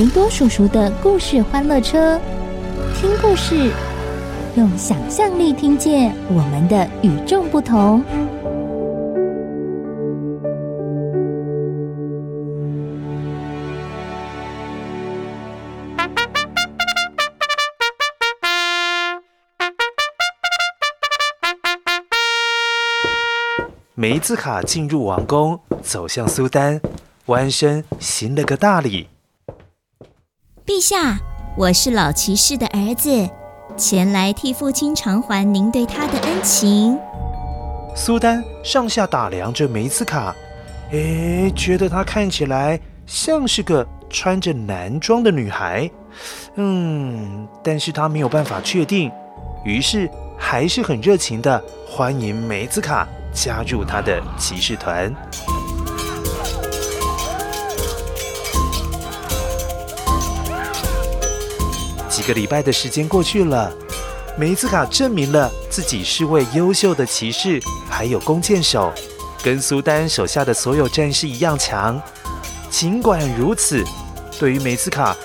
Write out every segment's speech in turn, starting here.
維多叔叔的故事，歡樂車，聽故事，用想象力聽見我們的與眾不同。玫茲卡進入王宮，走向蘇丹，彎身行了個大禮。陛下，我是老騎士的兒子，前來替父親償還您對他的恩情。蘇丹上下打量着玫茲卡，誒，覺得他看起來像是個穿着男裝的女孩。嗯，但是他沒有辦法確定，於是還是很熱情地歡迎玫茲卡加入他的騎士團。幾個禮拜的時間過去了，玫茲卡證明了自己是位優秀的騎士，還有弓箭手，跟蘇丹手下的所有戰士一樣強。儘管如此，對於玫茲卡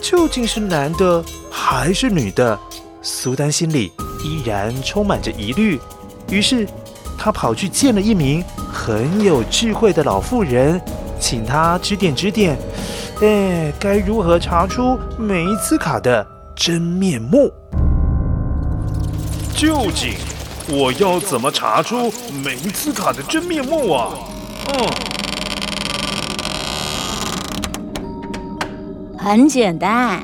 究竟是男的還是女的，蘇丹心裡依然充滿着疑慮。於是，他跑去見了一名很有智慧的老婦人。請他指點指點，哎，該如何查出玫茲卡的真面目？究竟我要怎麼查出玫茲卡的真面目啊？嗯，很簡單，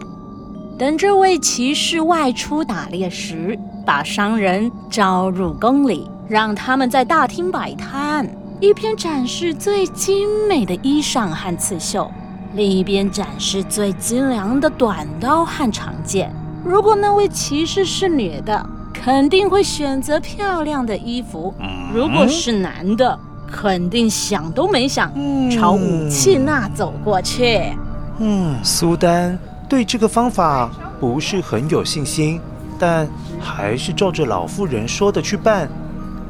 等這位騎士外出打獵時，把商人招入宮裡，讓他們在大廳擺攤。一邊展示最精美的衣裳和刺繡，另一邊展示最精良的短刀和長劍。如果那位騎士是女的，肯定會選擇漂亮的衣服；嗯，如果是男的，肯定想都沒想，朝武器那走過去。嗯，蘇丹對這個方法不是很有信心，但還是照着老婦人說的去辦。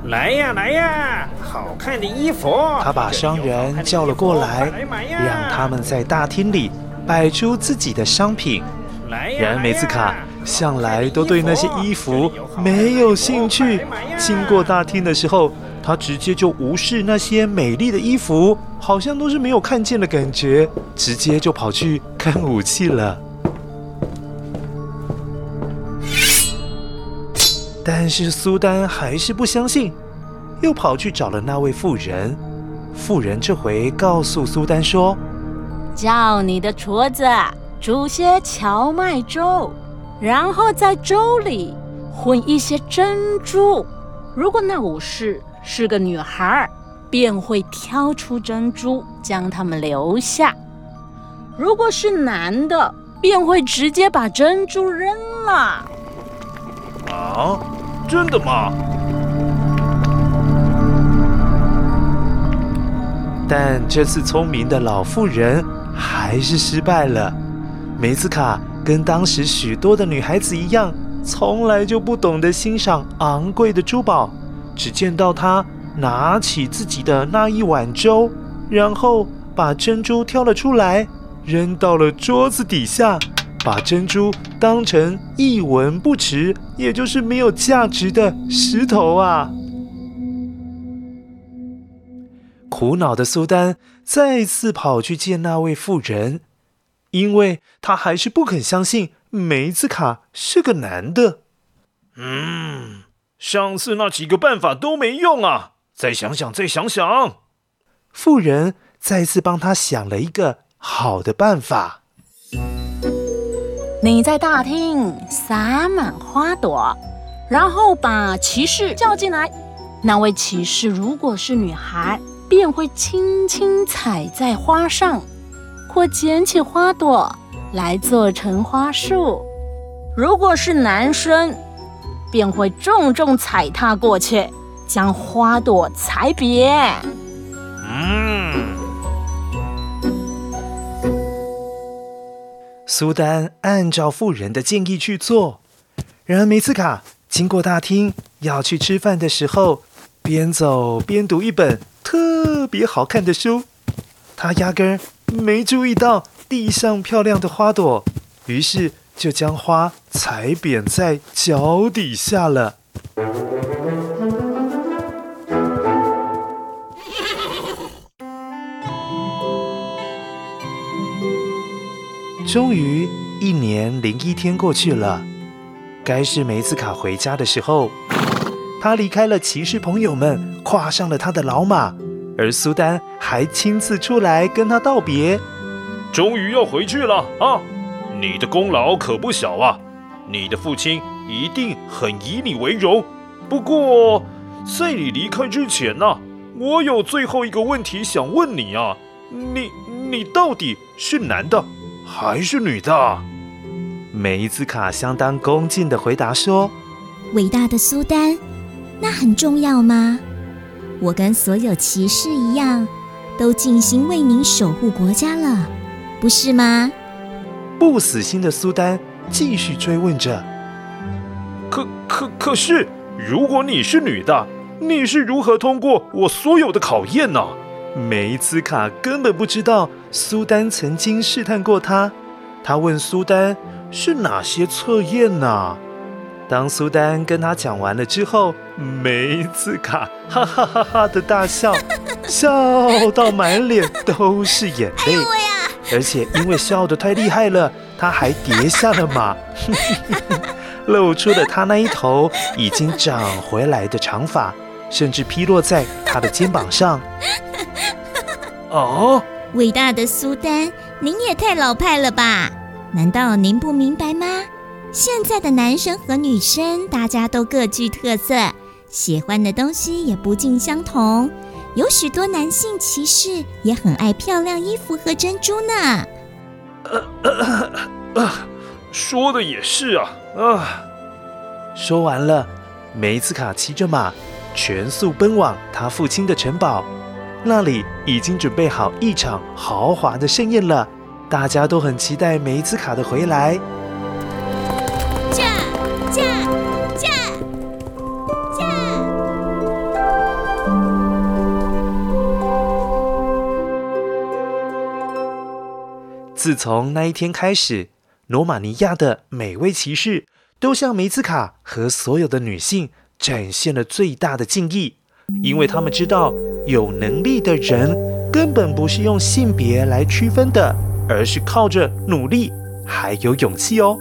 來呀來呀，好看的衣服！他把商人叫了過來，來讓他們在大廳裡擺出自己的商品。呀然而，玫茲卡向來都對那些衣服沒有興趣。買買經過大廳的時候，他直接就無視那些美麗的衣服，好像都是沒有看見的感覺，直接就跑去看武器了。但是蘇丹還是不相信，又跑去找了那位婦人。婦人這回告訴蘇丹說：“叫你的廚子煮些蕎麥粥，然後在粥裡混一些珍珠。如果那武士是個女孩，便會挑出珍珠，將他們留下；如果是男的，便會直接把珍珠扔了。”好。真的嗎？但這次聰明的老婦人還是失敗了。玫茲卡跟當時許多的女孩子一樣，從來就不懂得欣賞昂貴的珠寶。只見到她拿起自己的那一碗粥，然後把珍珠挑了出來，扔到了桌子底下。把珍珠當成一文不值，也就是沒有價值的石頭啊！苦惱的蘇丹再次跑去見那位婦人，因為他還是不肯相信玫茲卡是個男的。嗯，上次那幾個辦法都沒用啊！再想想，再想想。婦人再次幫他想了一個好的辦法。你在大廳撒滿花朵，然後把騎士叫進來。那位騎士如果是女孩，便會輕輕踩在花上，或撿起花朵來做成花束；如果是男生，便會重重踩踏過去，將花朵踩扁。蘇丹按照婦人的建議去做，然而玫茲卡經過大廳要去吃飯的時候，邊走邊讀一本特別好看的書，他壓根兒沒注意到地上漂亮的花朵，於是就將花踩扁在腳底下了。終於一年零一天過去了，該是玫茲卡回家的時候。他離開了騎士朋友們，跨上了他的老馬，而蘇丹還親自出來跟他道別。終於要回去了啊！你的功勞可不小啊，你的父親一定很以你為榮。不過在你離開之前呢、啊，我有最後一個問題想問你啊，你你到底是男的，還是女的？玫茲卡相當恭敬的回答說：“偉大的蘇丹，那很重要嗎？我跟所有騎士一樣，都盡心為您守護國家了，不是嗎？”不死心的蘇丹繼續追問着：“可可可是，如果你是女的，你是如何通過我所有的考驗呢？”玫茲卡根本不知道。蘇丹曾經試探過他，他問蘇丹是哪些測驗呢？啊？當蘇丹跟他講完了之後，玫茲卡哈哈哈哈的大笑，， 笑到滿臉都是眼淚，哎、而且因為笑得太厲害了，他還跌下了馬， 露出了他那一頭已經長回來的長髮，甚至披落在他的肩膀上。哦。偉大的蘇丹，您也太老派了吧？難道您不明白嗎？現在的男生和女生，大家都各具特色，喜歡的東西也不盡相同。有許多男性騎士也很愛漂亮衣服和珍珠呢。呃呃呃、說的也是啊啊！呃、說完了，玫茲卡騎着馬，全速奔往他父親的城堡。那裡已經準備好一場豪華的盛宴了，大家都很期待玫茲卡的回來。駕駕駕駕！自從那一天開始，羅馬尼亞的每位騎士都向玫茲卡和所有的女性展現了最大的敬意，因為他們知道。有能力的人根本不是用性別來區分的，而是靠着努力還有勇氣哦。